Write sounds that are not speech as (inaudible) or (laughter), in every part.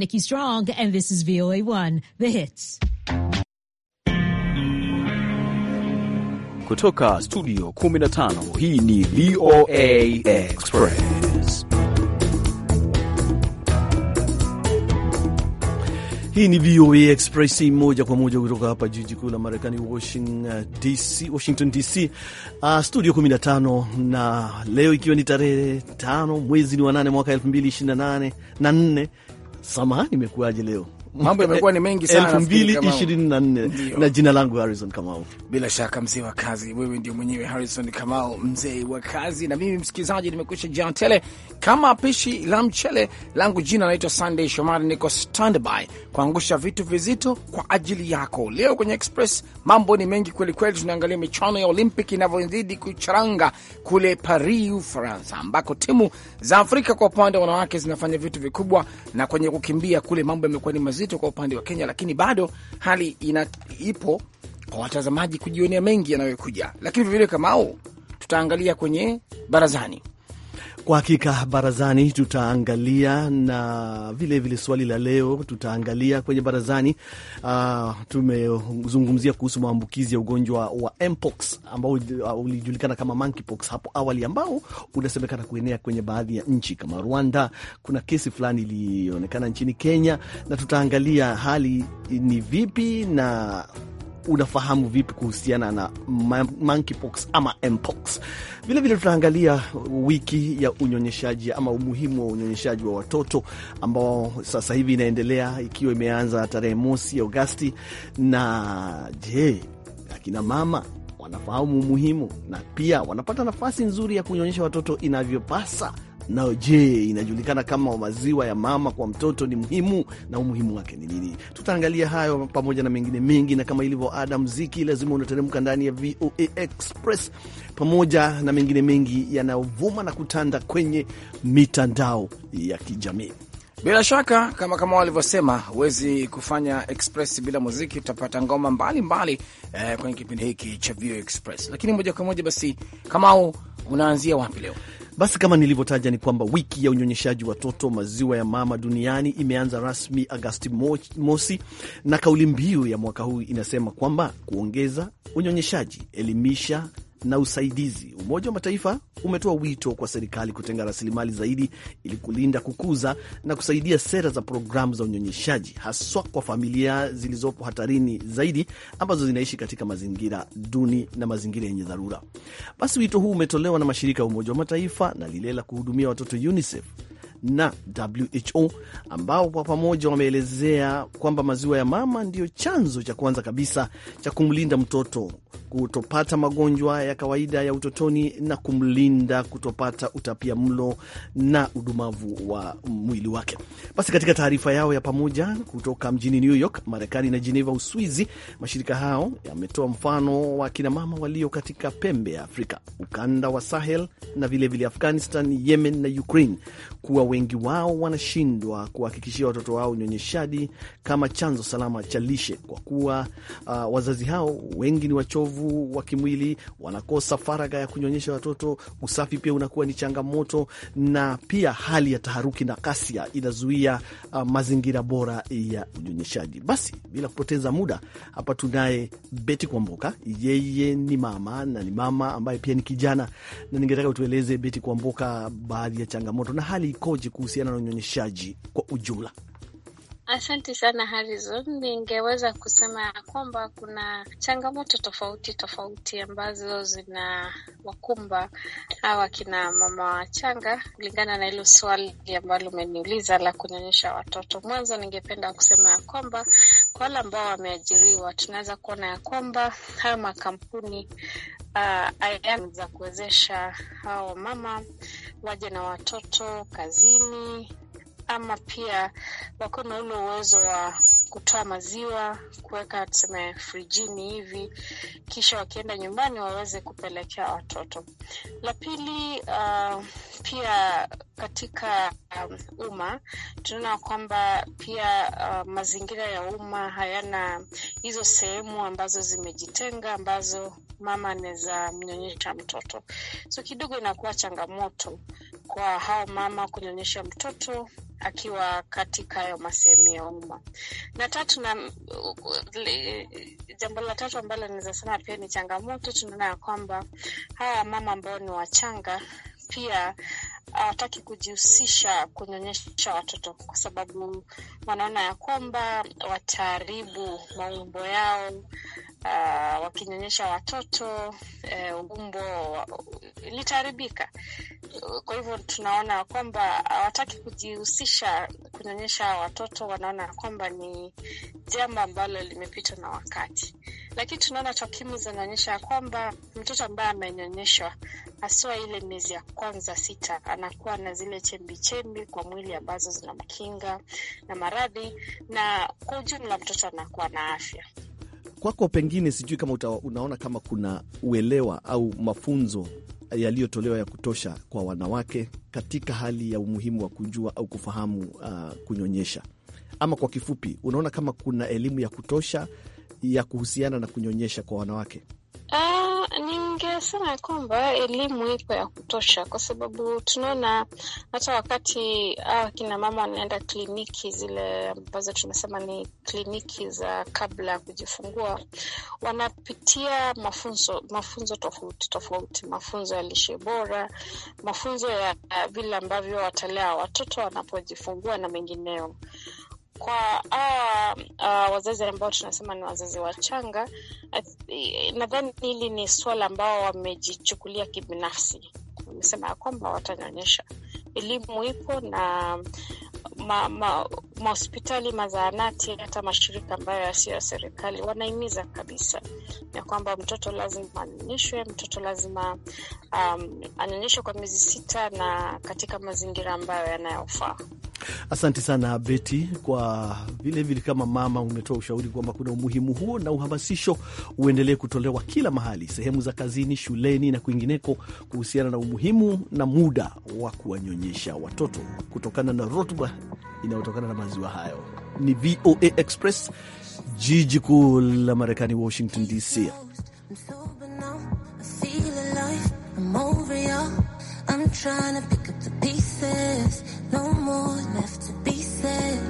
Nikki Strong, and this is VOA1, The Hits. Kutoka studio 15, hii ni VOA Express. Hii ni VOA Express moja kwa moja kutoka hapa jiji kuu la Marekani, Washington DC, uh, ah, studio 15, na leo ikiwa ni tarehe 5 mwezi ni wa 8 mwaka 2024 na nne samahani, imekuwaje leo? mambo yamekuwa ni mengi sana 2024 na jina langu Harrison Kamau. Bila shaka mzee wa kazi, wewe ndio mwenyewe Harrison Kamau, mzee wa kazi, na mimi msikilizaji, nimekwisha jaa tele kama pishi la mchele langu. Jina naitwa Sunday Shomari, niko standby kuangusha vitu vizito kwa ajili yako leo kwenye Express. Mambo ni mengi kweli kweli, tunaangalia michuano ya Olympic inavyozidi kucharanga kule Paris, Ufaransa, ambako timu za Afrika kwa upande wa wanawake zinafanya vitu vikubwa, na kwenye kukimbia kule mambo yamekuwa ni mazito nzito kwa upande wa Kenya, lakini bado hali ina, ipo kwa watazamaji kujionea mengi yanayokuja, lakini vilevile Kamau, tutaangalia kwenye barazani kwa hakika barazani tutaangalia na vilevile vile swali la leo tutaangalia kwenye barazani. Uh, tumezungumzia kuhusu maambukizi ya ugonjwa wa mpox ambao ah, ulijulikana kama monkeypox hapo awali, ambao unasemekana kuenea kwenye baadhi ya nchi kama Rwanda. Kuna kesi fulani ilionekana nchini Kenya, na tutaangalia hali ni vipi na unafahamu vipi kuhusiana na monkeypox ama mpox. Vilevile tunaangalia wiki ya unyonyeshaji ama umuhimu wa unyonyeshaji wa watoto ambao sasa hivi inaendelea ikiwa imeanza tarehe mosi Agosti. Na je, akina mama wanafahamu umuhimu na pia wanapata nafasi nzuri ya kunyonyesha watoto inavyopasa? nayo je, inajulikana kama maziwa ya mama kwa mtoto ni muhimu na umuhimu wake ni nini? Tutaangalia hayo pamoja na mengine mengi, na kama ilivyo ada, mziki lazima unateremka ndani ya VOA Express, pamoja na mengine mengi yanayovuma na kutanda kwenye mitandao ya kijamii. Bila shaka kama kama walivyosema, huwezi kufanya express bila muziki. utapata ngoma mbalimbali eh, kwenye kipindi hiki cha Vio Express, lakini moja kwa moja basi, Kamau, unaanzia wapi leo? Basi kama nilivyotaja ni kwamba wiki ya unyonyeshaji watoto maziwa ya mama duniani imeanza rasmi Agasti mosi, na kauli mbiu ya mwaka huu inasema kwamba kuongeza unyonyeshaji, elimisha na usaidizi, Umoja wa Mataifa umetoa wito kwa serikali kutenga rasilimali zaidi ili kulinda, kukuza na kusaidia sera za programu za unyonyeshaji, haswa kwa familia zilizopo hatarini zaidi, ambazo zinaishi katika mazingira duni na mazingira yenye dharura. Basi wito huu umetolewa na mashirika ya Umoja wa Mataifa na lile la kuhudumia watoto UNICEF na WHO ambao kwa pamoja wameelezea kwamba maziwa ya mama ndiyo chanzo cha kwanza kabisa cha kumlinda mtoto kutopata magonjwa ya kawaida ya utotoni na kumlinda kutopata utapia mlo na udumavu wa mwili wake. Basi katika taarifa yao ya pamoja kutoka mjini New York, Marekani na Geneva, Uswizi, mashirika hao yametoa mfano wa kinamama walio katika pembe ya Afrika, ukanda wa Sahel na vilevile vile Afghanistan, Yemen na Ukraine kuwa wengi wao wanashindwa kuhakikishia watoto wao unyonyeshaji kama chanzo salama cha lishe, kwa kuwa uh, wazazi hao wengi ni wachovu wa kimwili, wanakosa faragha ya kunyonyesha watoto. Usafi pia unakuwa ni changamoto, na pia hali ya taharuki na kasia inazuia uh, mazingira bora ya unyonyeshaji. Basi bila kupoteza muda, hapa tunaye Beti Kwamboka, yeye ni mama na ni mama ambaye pia ni kijana, na ningetaka utueleze Beti Kwamboka, baadhi ya changamoto na hali iko ukoje kuhusiana na unyonyeshaji kwa ujumla? Asante sana Harrison. Ningeweza kusema ya kwamba kuna changamoto tofauti tofauti ambazo zinawakumba hawa kina mama wachanga, kulingana na hilo swali ambalo umeniuliza la kunyonyesha watoto. Mwanzo ningependa kusema ya kwamba kwa wale ambao wameajiriwa, tunaweza kuona ya kwamba haya makampuni uh, za kuwezesha hawa wamama waje na watoto kazini ama pia wako na ule uwezo wa kutoa maziwa kuweka tuseme frijini hivi, kisha wakienda nyumbani waweze kupelekea watoto. La pili, uh, pia katika um, umma tunaona kwamba pia uh, mazingira ya umma hayana hizo sehemu ambazo zimejitenga ambazo mama anaweza mnyonyesha mtoto, so kidogo inakuwa changamoto kwa hao mama kunyonyesha mtoto akiwa katika hayo masehemu ya umma. Na tatu na jambo la tatu ambalo naweza sema pia ni changamoto, tunaona ya kwamba hawa mama ambao ni wachanga pia hataki kujihusisha kunyonyesha watoto kwa sababu wanaona ya kwamba wataharibu maumbo yao. Uh, wakinyonyesha watoto uh, umbo litaharibika. Kwa hivyo tunaona kwamba hawataki kujihusisha kunyonyesha watoto, wanaona kwamba ni jambo ambalo limepitwa na wakati. Lakini tunaona takwimu zinaonyesha ya kwamba mtoto ambaye amenyonyeshwa, haswa ile miezi ya kwanza sita, anakuwa na zile chembi chembi kwa mwili ambazo zinamkinga na maradhi, na kwa ujumla mtoto anakuwa na afya. Kwako pengine, sijui kama uta, unaona kama kuna uelewa au mafunzo yaliyotolewa ya kutosha kwa wanawake katika hali ya umuhimu wa kujua au kufahamu uh, kunyonyesha. Ama kwa kifupi, unaona kama kuna elimu ya kutosha ya kuhusiana na kunyonyesha kwa wanawake? Uh, ni Ningesema ya kwamba elimu iko ya kutosha, kwa sababu tunaona hata wakati ah, akina mama wanaenda kliniki zile ambazo tumesema ni kliniki za kabla ya kujifungua, wanapitia mafunzo mafunzo tofauti tofauti, mafunzo ya lishe bora, mafunzo ya ah, vile ambavyo watalea watoto wanapojifungua na mengineo kwa hawa uh, ah, wazazi ambao tunasema ni wazazi wachanga, nadhani hili ni swala ambao wamejichukulia kibinafsi. Wamesema ya kwamba watanyonyesha, elimu ipo na mahospitali ma, ma mazaanati, hata mashirika ambayo yasiyo ya serikali wanahimiza kabisa ya kwamba mtoto lazima anyonyeshwe, mtoto lazima um, anyonyeshwe kwa miezi sita na katika mazingira ambayo yanayofaa. Asante sana Beti, kwa vilevile kama mama umetoa ushauri kwamba kuna umuhimu huo na uhamasisho uendelee kutolewa kila mahali, sehemu za kazini, shuleni na kwingineko, kuhusiana na umuhimu na muda wa kuwanyonyesha watoto kutokana na rutuba inayotokana na maziwa hayo. Ni VOA Express, jiji kuu la Marekani, Washington DC. I'm trying to pick up the pieces, no more left to be said.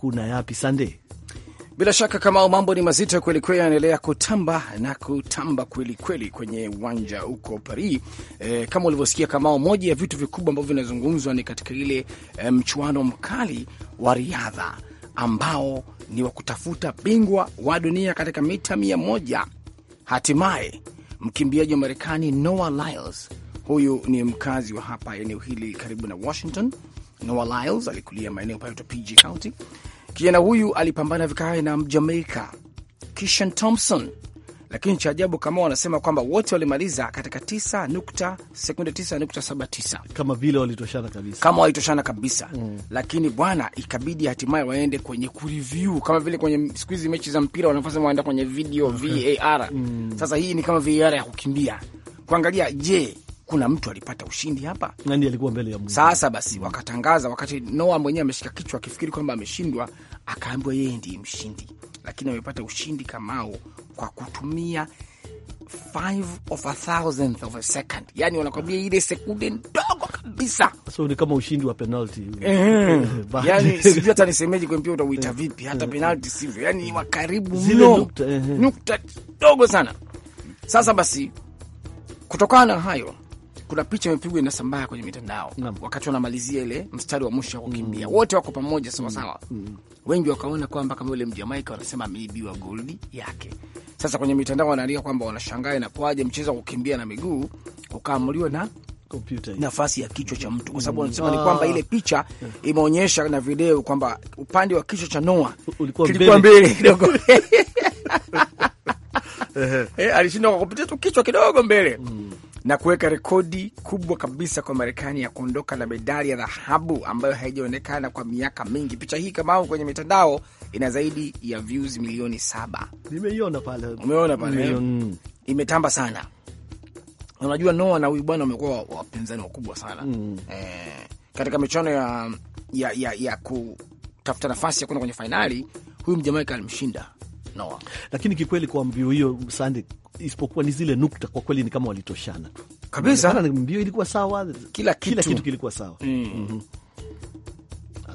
kuna yapi Sande? Bila shaka Kamao, mambo ni mazito kwelikweli, yanaendelea kutamba na kutamba kwelikweli kwenye uwanja huko Paris. E, kama ulivyosikia kama moja ya vitu vikubwa ambavyo vinazungumzwa ni katika ile e, mchuano mkali wa riadha ambao ni wa kutafuta bingwa wa dunia katika mita mia moja. Hatimaye mkimbiaji wa Marekani Noah Lyles, huyu ni mkazi wa hapa eneo hili karibu na Washington. Noah Lyles alikulia maeneo pale PG County Kijana huyu alipambana vikali na Mjamaika Kishan Thompson, lakini cha ajabu kama wanasema kwamba wote walimaliza katika tisa nukta sekunde tisa nukta saba tisa kama vile walitoshana kabisa, kama walitoshana kabisa mm. Lakini bwana, ikabidi hatimaye waende kwenye kureview, kama vile kwenye siku hizi mechi za mpira wanafasema waenda kwenye video okay. VAR mm. Sasa hii ni kama VAR ya kukimbia kuangalia, je kuna mtu alipata ushindi hapa? Nani alikuwa mbele ya Mungu? Sasa basi wakatangaza, wakati Noa mwenyewe ameshika kichwa akifikiri kwamba ameshindwa, akaambiwa yeye ndiye mshindi, lakini amepata ushindi kamao kwa kutumia Five of a thousandth of a second, yani wanakwambia ile sekunde ndogo kabisa. So ni kama ushindi wa Yani (laughs) sijui hata nisemeje utauita eh. vipi, hata eh. sivyo, yani mno, nukta ndogo sana. Sasa basi, kutokana na hayo kuna picha imepigwa inasambaa kwenye mitandao mm. wakati wanamalizia ile mstari wa mwisho wa mm. kukimbia mm. wote wako pamoja sawasawa mm. mm. wengi wakaona kwamba kama yule Mjamaika wanasema ameibiwa goldi yake. Sasa kwenye mitandao wanaandika kwamba wanashangaa inakuwaje mchezo wa kukimbia na miguu ukaamuliwa na nafasi ya kichwa cha mtu, kwa sababu mm. wanasema mm. ni kwamba ah. ile picha imeonyesha na video kwamba upande wa kichwa cha Noa kilikuwa mbele kidogo (laughs) (laughs) eh, alishindwa kwa kupitia tu kichwa kidogo mbele mm na kuweka rekodi kubwa kabisa kwa Marekani ya kuondoka na medali ya dhahabu ambayo haijaonekana kwa miaka mingi. Picha hii kama kwenye mitandao ina zaidi ya views milioni saba. Nimeiona pale, umeona pale, imetamba sana. Unajua Noah na huyu bwana wamekuwa wapinzani wakubwa sana mm. Eh, katika michuano ya, ya, ya, ya kutafuta nafasi ya kwenda kwenye fainali, huyu Mjamaika alimshinda Noah. Lakini kikweli kwa mbio hiyo Sande, isipokuwa ni zile nukta, kwa kweli ni kama walitoshana tu kabisa. Mbio ilikuwa sawa, kila kitu, kila kitu kilikuwa sawa mm. Mm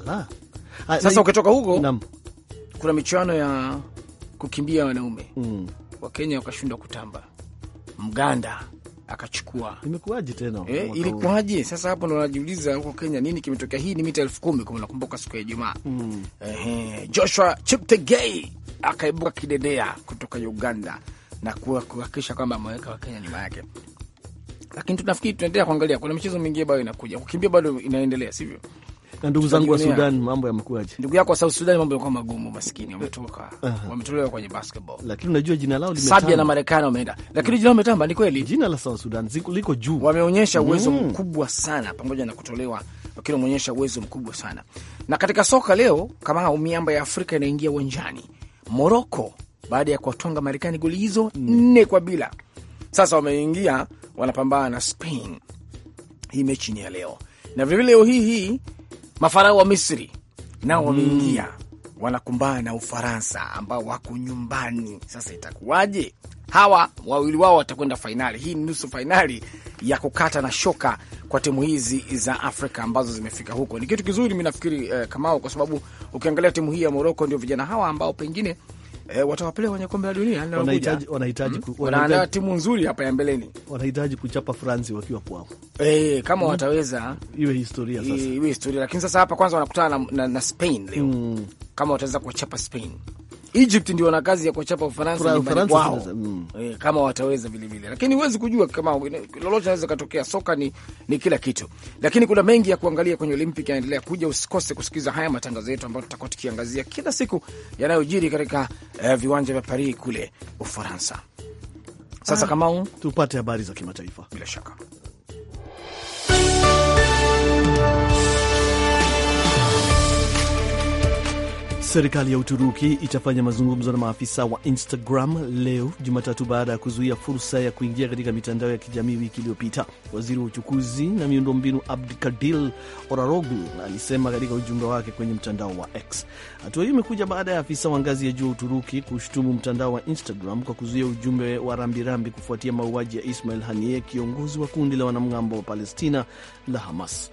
-hmm. sasa ukitoka huko nam. kuna michuano ya kukimbia wanaume mm. Wakenya wakashindwa kutamba, Mganda akachukua. Imekuwaje tena e, ilikuwaje sasa? Hapo ndo najiuliza huko Kenya nini kimetokea. Hii ni mita elfu kumi kama nakumbuka siku ya Ijumaa mm. Joshua Cheptegei akaibuka kidedea kutoka Uganda na kuhakikisha kwamba ameweka Wakenya nyuma yake. Lakini tunafikiri tunaendelea kuangalia, kuna michezo mingine bayo inakuja, kukimbia bado inaendelea, sivyo? Na ndugu zangu wa Sudan mambo yamekuaje? Ndugu yako wa South Sudan mambo yamekuwa magumu, maskini wametoka. Uh -huh. Wametolewa kwenye basketball. Lakini unajua jina lao limetamba. Sabia na Marekani wameenda. Lakini jina lao limetamba ni kweli. Jina la South Sudan liko juu. Wameonyesha uwezo mm, mkubwa sana pamoja na kutolewa lakini wameonyesha uwezo mkubwa sana. Na katika soka leo kama miamba ya Afrika inaingia uwanjani. Morocco baada ya kuwatwanga Marekani goli hizo mm. nne kwa bila. Sasa wameingia wanapambana na Spain. Hii mechi ni ya leo, na vilevile leo hii hii mafarao wa Misri nao mm. wameingia mm, wanakumbana na Ufaransa ambao wako nyumbani. Sasa itakuwaje? Hawa wawili wao watakwenda fainali. Hii ni nusu fainali ya kukata na shoka kwa timu hizi za Afrika ambazo zimefika huko. Ni kitu kizuri, mi nafikiri eh, Kamao, kwa sababu ukiangalia timu hii ya Moroko ndio vijana hawa ambao pengine e, watawapeleka kwenye kombe la dunia. Wanahitaji wanahitaji hmm? timu nzuri hapa ya mbeleni, wanahitaji kuchapa Franzi wakiwa kwao e, eh, kama hmm? wataweza iwe historia sasa, iwe historia. Lakini sasa hapa kwanza wanakutana na, na, na Spain leo hmm. kama wataweza kuchapa Spain Egypt ndio wana kazi ya kuchapa Ufaransa nyumbani kwao mm. E, kama wataweza vile vile, lakini huwezi kujua kama lolote naweza katokea. Soka ni, ni kila kitu, lakini kuna mengi ya kuangalia kwenye Olympic yanaendelea kuja. Usikose kusikiliza haya matangazo yetu ambayo tutakuwa tukiangazia kila siku yanayojiri katika eh, viwanja vya Paris kule Ufaransa. Sasa ah, Kamau, tupate habari za kimataifa bila shaka. Serikali ya Uturuki itafanya mazungumzo na maafisa wa Instagram leo Jumatatu baada ya kuzuia fursa ya kuingia katika mitandao ya kijamii wiki iliyopita. Waziri wa uchukuzi na miundombinu Abdikadir Oraroglu alisema katika ujumbe wake kwenye mtandao wa X. Hatua hiyo imekuja baada ya afisa wa ngazi ya juu wa Uturuki kushutumu mtandao wa Instagram kwa kuzuia ujumbe wa rambirambi kufuatia mauaji ya Ismail Haniyeh, kiongozi wa kundi la wanamgambo wa Palestina la Hamas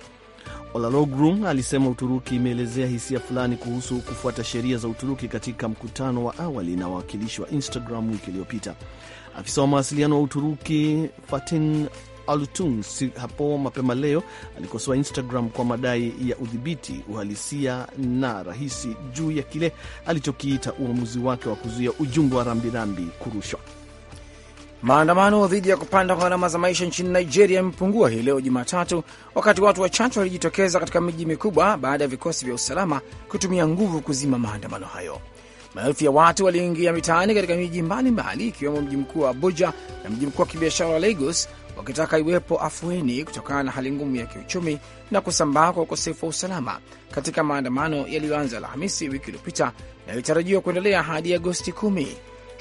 olalogrum alisema Uturuki imeelezea hisia fulani kuhusu kufuata sheria za Uturuki katika mkutano wa awali na wawakilishi wa Instagram wiki iliyopita. Afisa wa mawasiliano wa Uturuki Fatin Altun hapo mapema leo alikosoa Instagram kwa madai ya udhibiti uhalisia na rahisi juu ya kile alichokiita uamuzi wake wa kuzuia ujumbe wa rambirambi kurushwa. Maandamano dhidi ya kupanda kwa gharama za maisha nchini Nigeria yamepungua hii leo Jumatatu, wakati watu wachache walijitokeza katika miji mikubwa baada ya vikosi vya usalama kutumia nguvu kuzima maandamano hayo. Maelfu ya watu waliingia mitaani katika miji mbalimbali ikiwemo mji mkuu wa Abuja na mji mkuu wa kibiashara wa Lagos, wakitaka iwepo afueni kutokana na hali ngumu ya kiuchumi na kusambaa kwa ukosefu wa usalama katika maandamano yaliyoanza Alhamisi wiki iliyopita na yalitarajiwa kuendelea hadi Agosti kumi.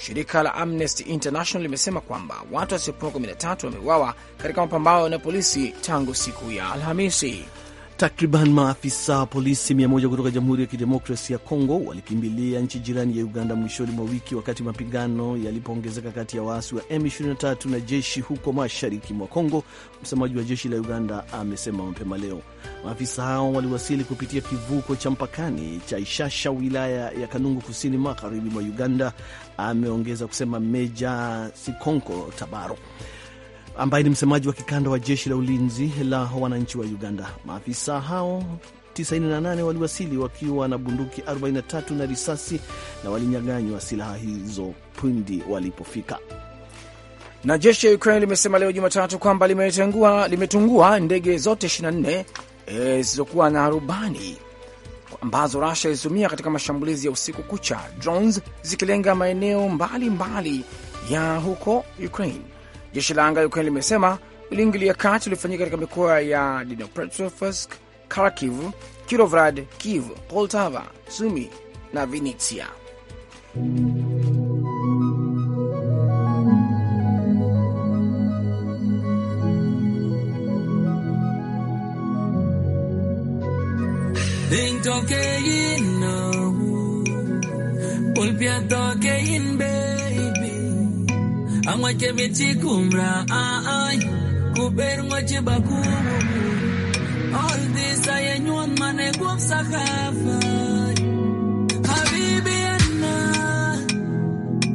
Shirika la Amnesty International limesema kwamba watu wasiopungua 13 wameuawa katika mapambano na polisi tangu siku ya Alhamisi. Takriban maafisa wa polisi 1 kutoka Jamhuri ya Kidemokrasi ya Kongo walikimbilia nchi jirani ya Uganda mwishoni mwa wiki wakati mapigano yalipoongezeka kati ya waasi wa M23 na jeshi huko mashariki mwa Kongo, msemaji wa jeshi la Uganda amesema mapema leo. Maafisa hao waliwasili kupitia kivuko cha mpakani cha Ishasha, wilaya ya Kanungu, kusini magharibi mwa Uganda, ameongeza kusema Meja Sikonko Tabaro ambaye ni msemaji wa kikanda wa jeshi la ulinzi la wananchi wa Uganda. Maafisa hao 98 waliwasili wakiwa na bunduki 43 na risasi na walinyang'anywa silaha hizo pindi walipofika. Na jeshi la Ukraine limesema leo Jumatatu kwamba limetungua ndege zote 24 eh, zilizokuwa e, na rubani ambazo Rusia ilitumia katika mashambulizi ya usiku kucha, drones zikilenga maeneo mbalimbali mbali ya huko Ukraine. Jeshi la anga Ukraine limesema uliingilia kati uliofanyika katika mikoa ya Dnipropetrovsk, Kharkiv, Kirovrad, Kiev, Poltava, Sumi na Vinitsia. angwache michikumbra ai ah, ah, kuber ngwache bakuru all this i anyone mane gwop sakafa habibi anna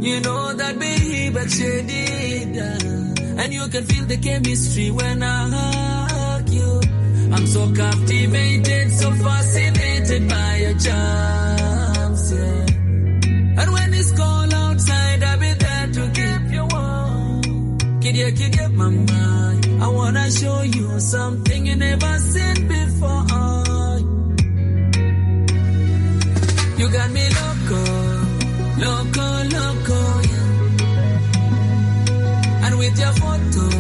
you know that baby but she did ah. and you can feel the chemistry when i hug you i'm so captivated so fascinated by your charms yeah. and when it's gone Kidia, kidia, mama. I wanna show you something you never seen before. You got me loco, loco, loco. Yeah. And with your photo.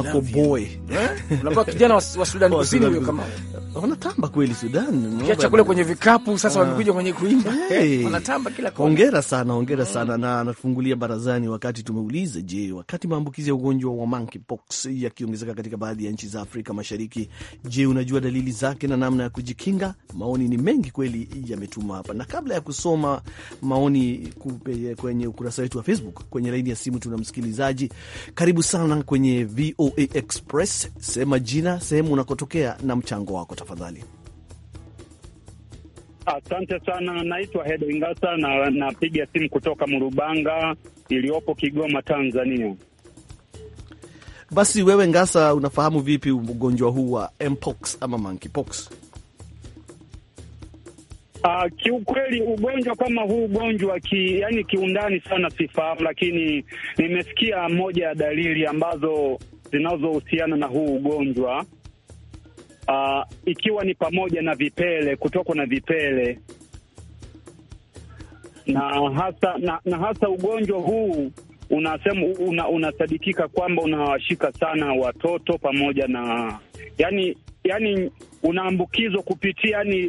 wako boy eh? unakuwa kijana wa Sudan (laughs) Kusini huyo, kama wanatamba kweli Sudan, kiacha kule kwenye vikapu sasa, ah. wamekuja kwenye kuimba, wanatamba kila kona. Hongera sana, hongera mm. sana na anafungulia barazani wakati tumeuliza, je, wakati maambukizi ya ugonjwa wa monkeypox yakiongezeka katika baadhi ya nchi za Afrika Mashariki, je, unajua dalili zake na namna ya kujikinga? Maoni ni mengi kweli yametuma hapa, na kabla ya kusoma maoni kwenye ukurasa wetu wa Facebook, kwenye laini ya simu tuna msikilizaji. Karibu sana kwenye VO VOA Express. Sema jina, sehemu unakotokea na mchango wako tafadhali. Asante sana, naitwa Hedo Ingasa na napiga simu kutoka Murubanga iliyopo Kigoma, Tanzania. Basi wewe Ngasa, unafahamu vipi ugonjwa huu wa mpox ama monkeypox? Uh, kiukweli ugonjwa kama huu ugonjwa ki, yani kiundani sana sifahamu, lakini nimesikia moja ya dalili ambazo zinazohusiana na huu ugonjwa uh, ikiwa ni pamoja na vipele, kutokwa na vipele na hasa, na, na hasa ugonjwa huu unasema una, unasadikika kwamba unawashika sana watoto pamoja na yani, yani unaambukizwa kupitia yani,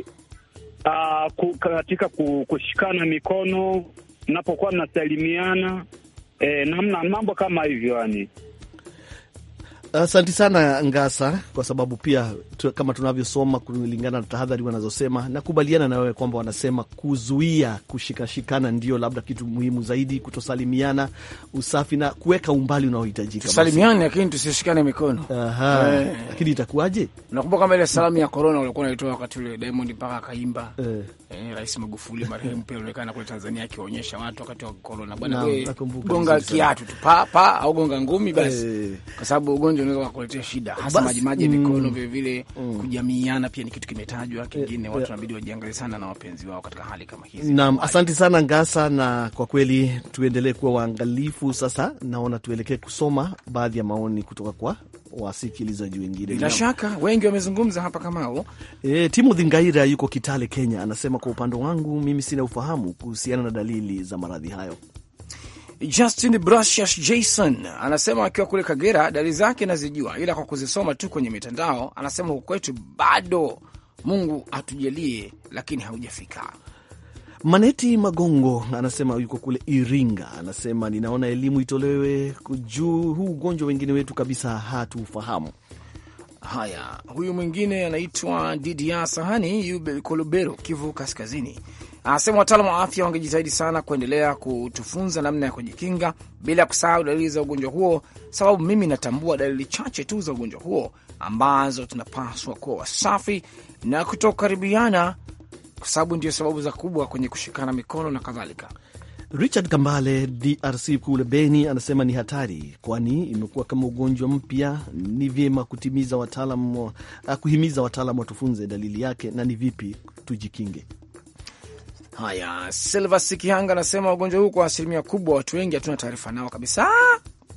uh, ku, katika kushikana mikono mnapokuwa mnasalimiana eh, namna mambo kama hivyo yani asanti sana Ngasa, kwa sababu pia tu, kama tunavyosoma kulingana na tahadhari wanazosema, nakubaliana na wewe kwamba wanasema kuzuia kushikashikana ndio labda kitu muhimu zaidi, kutosalimiana, usafi na kuweka umbali unaohitajika. Tusalimiane lakini tusishikane mikono. Aha, eh. Lakini itakuwaje? Nakumbuka kama ile salamu ya korona ulikuwa unaitoa wakati ule Diamond mpaka akaimba eh eh, Rais Magufuli marehemu pia alionekana kule Tanzania akiwaonyesha watu wakati wa korona, bwana gonga kiatu tu pa pa au gonga ngumi eh. basi kwa sababu ugonjwa unaweza kukuletea shida hasa maji maji ya mm. mikono mm, vile vile mm, kujamiiana pia ni kitu kimetajwa kingine, eh, watu eh. wanabidi wajiangalie sana na wapenzi wao katika hali kama hizi. Naam, asante sana Ngasa, na kwa kweli tuendelee kuwa waangalifu. Sasa naona tuelekee kusoma baadhi ya maoni kutoka kwa wasikilizaji wengine. Bila shaka wengi wamezungumza hapa kama e, Timothy Ngaira yuko Kitale, Kenya, anasema kwa upande wangu mimi sina ufahamu kuhusiana na dalili za maradhi hayo. Justin Brasius Jason anasema akiwa kule Kagera, dalili zake nazijua, ila kwa kuzisoma tu kwenye mitandao. Anasema huku kwetu bado Mungu atujalie, lakini haujafika Maneti Magongo anasema yuko kule Iringa, anasema ninaona elimu itolewe juu huu ugonjwa, wengine wetu kabisa hatufahamu Haya, huyu mwingine anaitwa Didia Sahani Kolobero, Kivu Kaskazini, anasema wataalam wa afya wangejitahidi sana kuendelea kutufunza namna ya kujikinga bila kusahau dalili za ugonjwa huo, sababu mimi natambua dalili chache tu za ugonjwa huo ambazo tunapaswa kuwa wasafi na kutokaribiana kwa sababu ndio sababu za kubwa kwenye kushikana mikono na kadhalika. Richard Kambale, DRC kule Beni, anasema ni hatari, kwani imekuwa kama ugonjwa mpya. Ni vyema kutimiza wataalam, ah, kuhimiza wataalam watufunze dalili yake na ni vipi tujikinge. Haya, Silvas Kihanga anasema ugonjwa huu kwa asilimia kubwa watu wengi hatuna taarifa nao kabisa.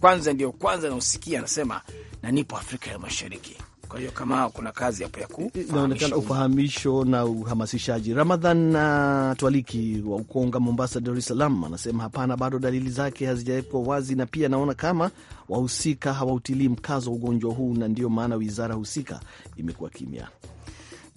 Kwanza ndio kwanza nausikia, anasema na nipo Afrika ya Mashariki. Kwa hiyo kama kuna kazi hapo ya inaonekana ufahamisho na uhamasishaji. Ramadhan na uh, Twaliki wa Ukonga, Mombasa, Dar es Salaam anasema hapana, bado dalili zake hazijawekwa wazi, na pia naona kama wahusika hawautilii mkazo wa ugonjwa huu, na ndio maana wizara husika imekuwa kimya.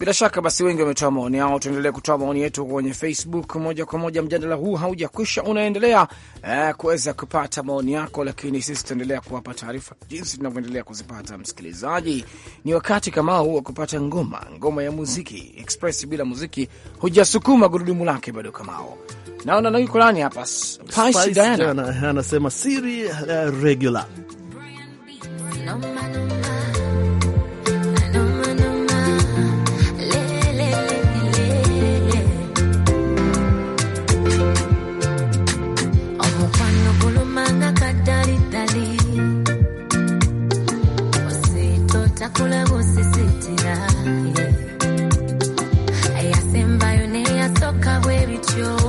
Bila shaka basi wengi wametoa maoni yao, tuendelee kutoa maoni yetu kwenye Facebook moja kwa moja. Mjadala huu haujakwisha, unaendelea eh, kuweza kupata maoni yako, lakini sisi tutaendelea kuwapa taarifa jinsi tunavyoendelea kuzipata. Msikilizaji, ni wakati kama huu wa kupata ngoma, ngoma ya muziki express. Bila muziki hujasukuma gurudumu lake bado. Kamao naona na yuko nani hapa? Spice Diana anasema siri uh, regular Yo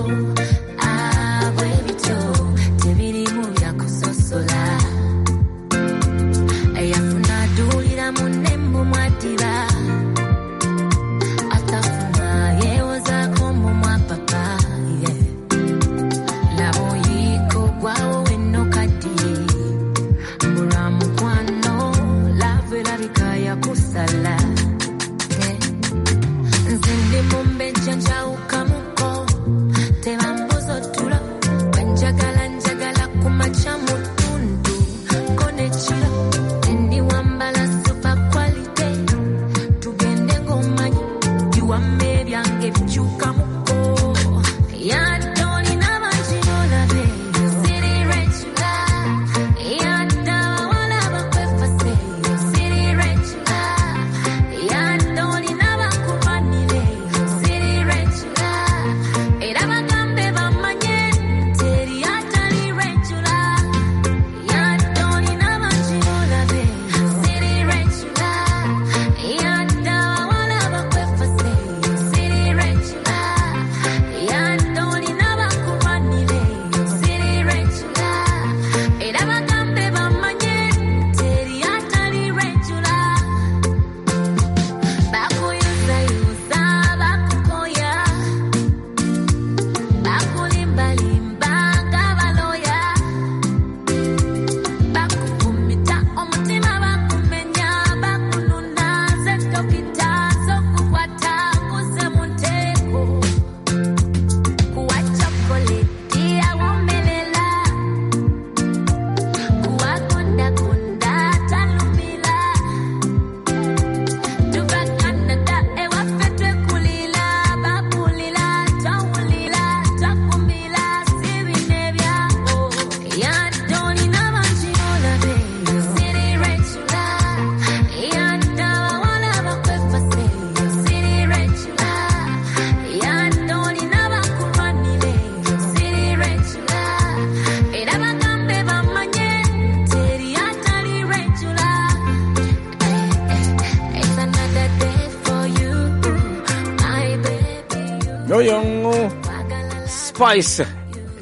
Twice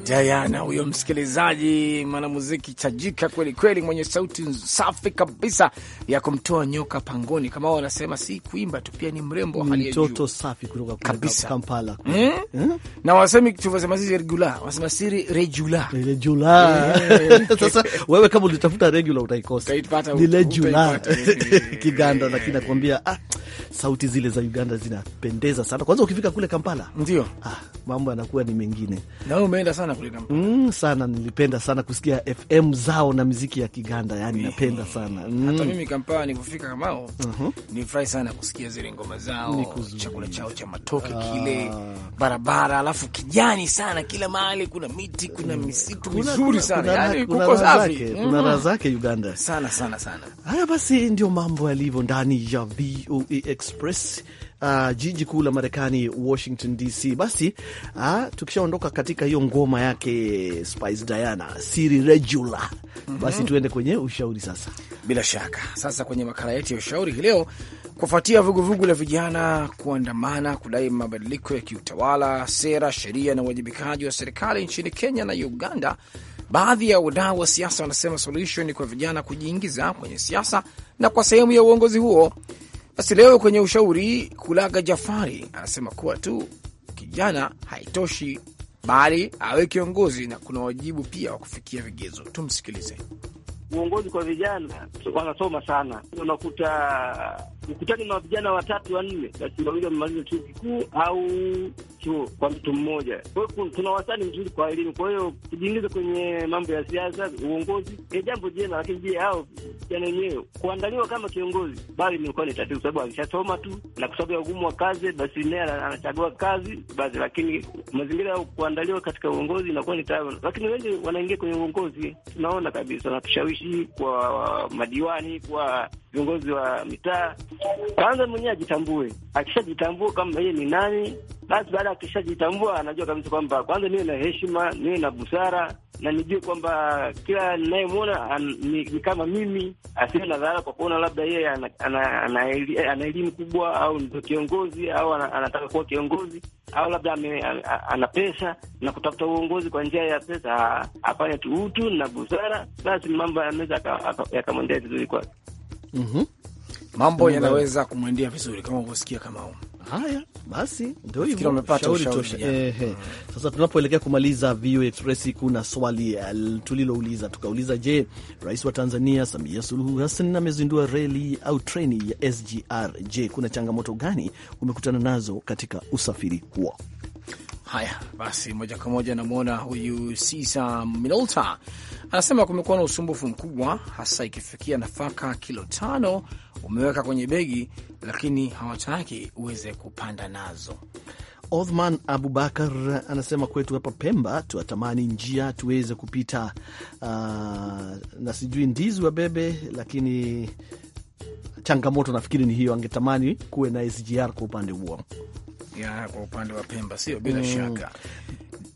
Diana, huyo msikilizaji, mwanamuziki tajika kweli kweli, mwenye sauti safi kabisa ya kumtoa nyoka pangoni, kama wao wanasema, si kuimba tu, pia ni mrembo hali ya juu, mtoto safi kutoka kabisa Kampala. Hmm? Hmm? Na wasemi tuvasema sisi regular, wasema siri regular regular. Eh. (laughs) Sasa wewe kama ulitafuta regular utaikosa, ni regular (laughs) Kiganda, lakini nakwambia ah sauti zile za Uganda zinapendeza sana. Kwanza ukifika kule Kampala, ndio ah, mambo yanakuwa ni mengine. Na wewe umeenda sana kule Kampala? Mm, sana nilipenda sana kusikia FM zao na muziki ya Kiganda, yani eh, napenda sana mm. Hata mimi Kampala nilipofika kamao, uh -huh. nilifurahi sana kusikia zile ngoma zao, chakula chao cha matoke ah. kile barabara, alafu kijani sana kila mahali, kuna miti, kuna mm. misitu mizuri sana, yani kuko kuna mm-hmm. raha zake Uganda sana sana sana. Haya basi, ndio mambo yalivyo ndani ya VOA Express, uh, jiji kuu la Marekani, Washington DC. Basi uh, tukishaondoka katika hiyo ngoma yake Spice Diana siri regular, mhm. basi mm -hmm. tuende kwenye ushauri sasa. Bila shaka sasa kwenye makala yetu ya ushauri hii leo, kufuatia vuguvugu la vijana kuandamana kudai mabadiliko ya kiutawala, sera, sheria na uwajibikaji wa serikali nchini Kenya na Uganda, baadhi ya wadau wa siasa wanasema suluhisho ni kwa vijana kujiingiza kwenye siasa na kwa sehemu ya uongozi huo. Basi leo kwenye ushauri, Kulaga Jafari anasema kuwa tu kijana haitoshi, bali awe kiongozi na kuna wajibu pia wa kufikia vigezo. Tumsikilize. Uongozi kwa vijana wanasoma sana, unakuta ukutani na vijana watatu wanne, basi wawili wamemaliza chuo kikuu au chuo kwa mtu mmoja. Kwa hiyo tuna wastani mzuri kwa elimu. Kwa hiyo kujiingiza kwenye mambo ya siasa, uongozi ni eh, jambo jema, lakini je, hao vijana wenyewe kuandaliwa kama kiongozi, bali imekuwa ni tatizo, sababu alishasoma tu na kwa sababu ya ugumu wa kazi, basi naye anachagua kazi basi, lakini mazingira ya kuandaliwa katika uongozi inakuwa ni taabu, lakini wengi wanaingia kwenye uongozi, tunaona kabisa na kushawishi kwa madiwani, kwa viongozi wa mitaa kwanza mwenyewe ajitambue. Akishajitambua kama yeye ni nani, basi baada akishajitambua, anajua kabisa kwamba kwanza niwe na heshima, niwe na busara na nijue kwamba kila ninayemwona ni, ni kama mimi, asiwe na dhara kwa kuona labda yeye ana, elimu kubwa au ndio kiongozi au anataka kuwa kiongozi au labda ame, ana, ana pesa na kutafuta uongozi kwa njia ya pesa. Afanye tu utu na busara, basi mambo yanaweza yakamwendea vizuri kwake. mm -hmm mambo yanaweza kumwendea vizuri kama ulivyosikia Kamau. Haya basi, ndio hivyo, shauri tosha. Ehe, mm. sasa tunapoelekea kumaliza VOA Express, kuna swali eh, tulilouliza tukauliza, je, rais wa Tanzania Samia Suluhu Hassan amezindua reli au treni ya SGR. Je, kuna changamoto gani umekutana nazo katika usafiri huo? Haya basi, moja kwa moja namwona huyu Sisa Minolta anasema kumekuwa na usumbufu mkubwa, hasa ikifikia nafaka kilo tano umeweka kwenye begi, lakini hawataki uweze kupanda nazo. Othman Abubakar anasema kwetu hapa Pemba tuwatamani njia tuweze kupita, uh, na sijui ndizi wabebe, lakini changamoto nafikiri ni hiyo, angetamani kuwe na SGR kwa upande huo ya kwa upande wa Pemba, sio bila mm. shaka.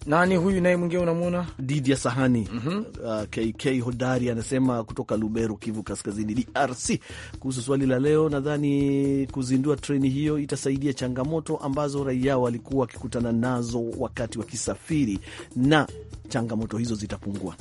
Nani huyu naye mwingine unamwona? Didia Sahani mm -hmm. uh, KK Hodari anasema kutoka Lubero, Kivu Kaskazini, DRC, kuhusu swali la leo. Nadhani kuzindua treni hiyo itasaidia changamoto ambazo raia walikuwa wakikutana nazo wakati wa kisafiri na changamoto hizo zitapungua.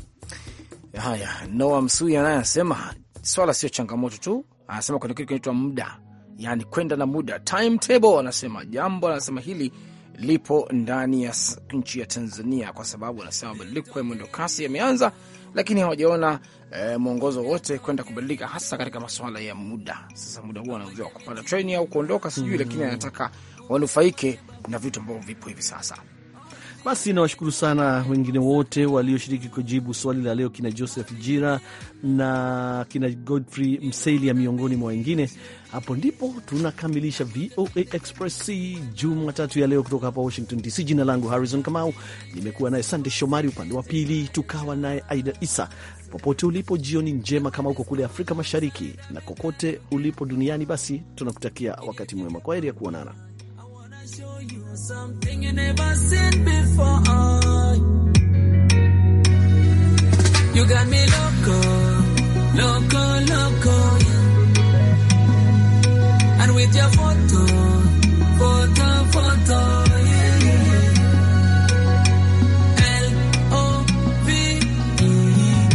Haya, Noa Msuya naye anasema swala sio changamoto tu, anasema kuna kitu kinaitwa muda yani kwenda na muda timetable, anasema jambo, anasema hili lipo ndani ya nchi ya Tanzania kwa sababu anasema mabadiliko ya mwendo kasi yameanza, lakini hawajaona e, mwongozo wote kwenda kubadilika, hasa katika masuala ya muda. Sasa muda huo wanauziwa kupanda treni au kuondoka, sijui mm -hmm. Lakini anataka wanufaike na vitu ambavyo vipo hivi sasa. Basi nawashukuru sana wengine wote walioshiriki kujibu swali la leo, kina Joseph Jira na kina Godfrey ya miongoni mwa wengine. Hapo ndipo tunakamilisha VOA Express Jumatatu ya leo kutoka hapa Washington DC. Jina langu Harrison Kamau, nimekuwa naye Sande Shomari upande wa pili, tukawa naye Aida Isa. Popote ulipo, jioni njema. Kama uko kule Afrika Mashariki na kokote ulipo duniani, basi tunakutakia wakati mwema. Kwa heri ya kuonana. show you something you never seen before. You got me loco, loco, loco. And with your photo, photo, photo.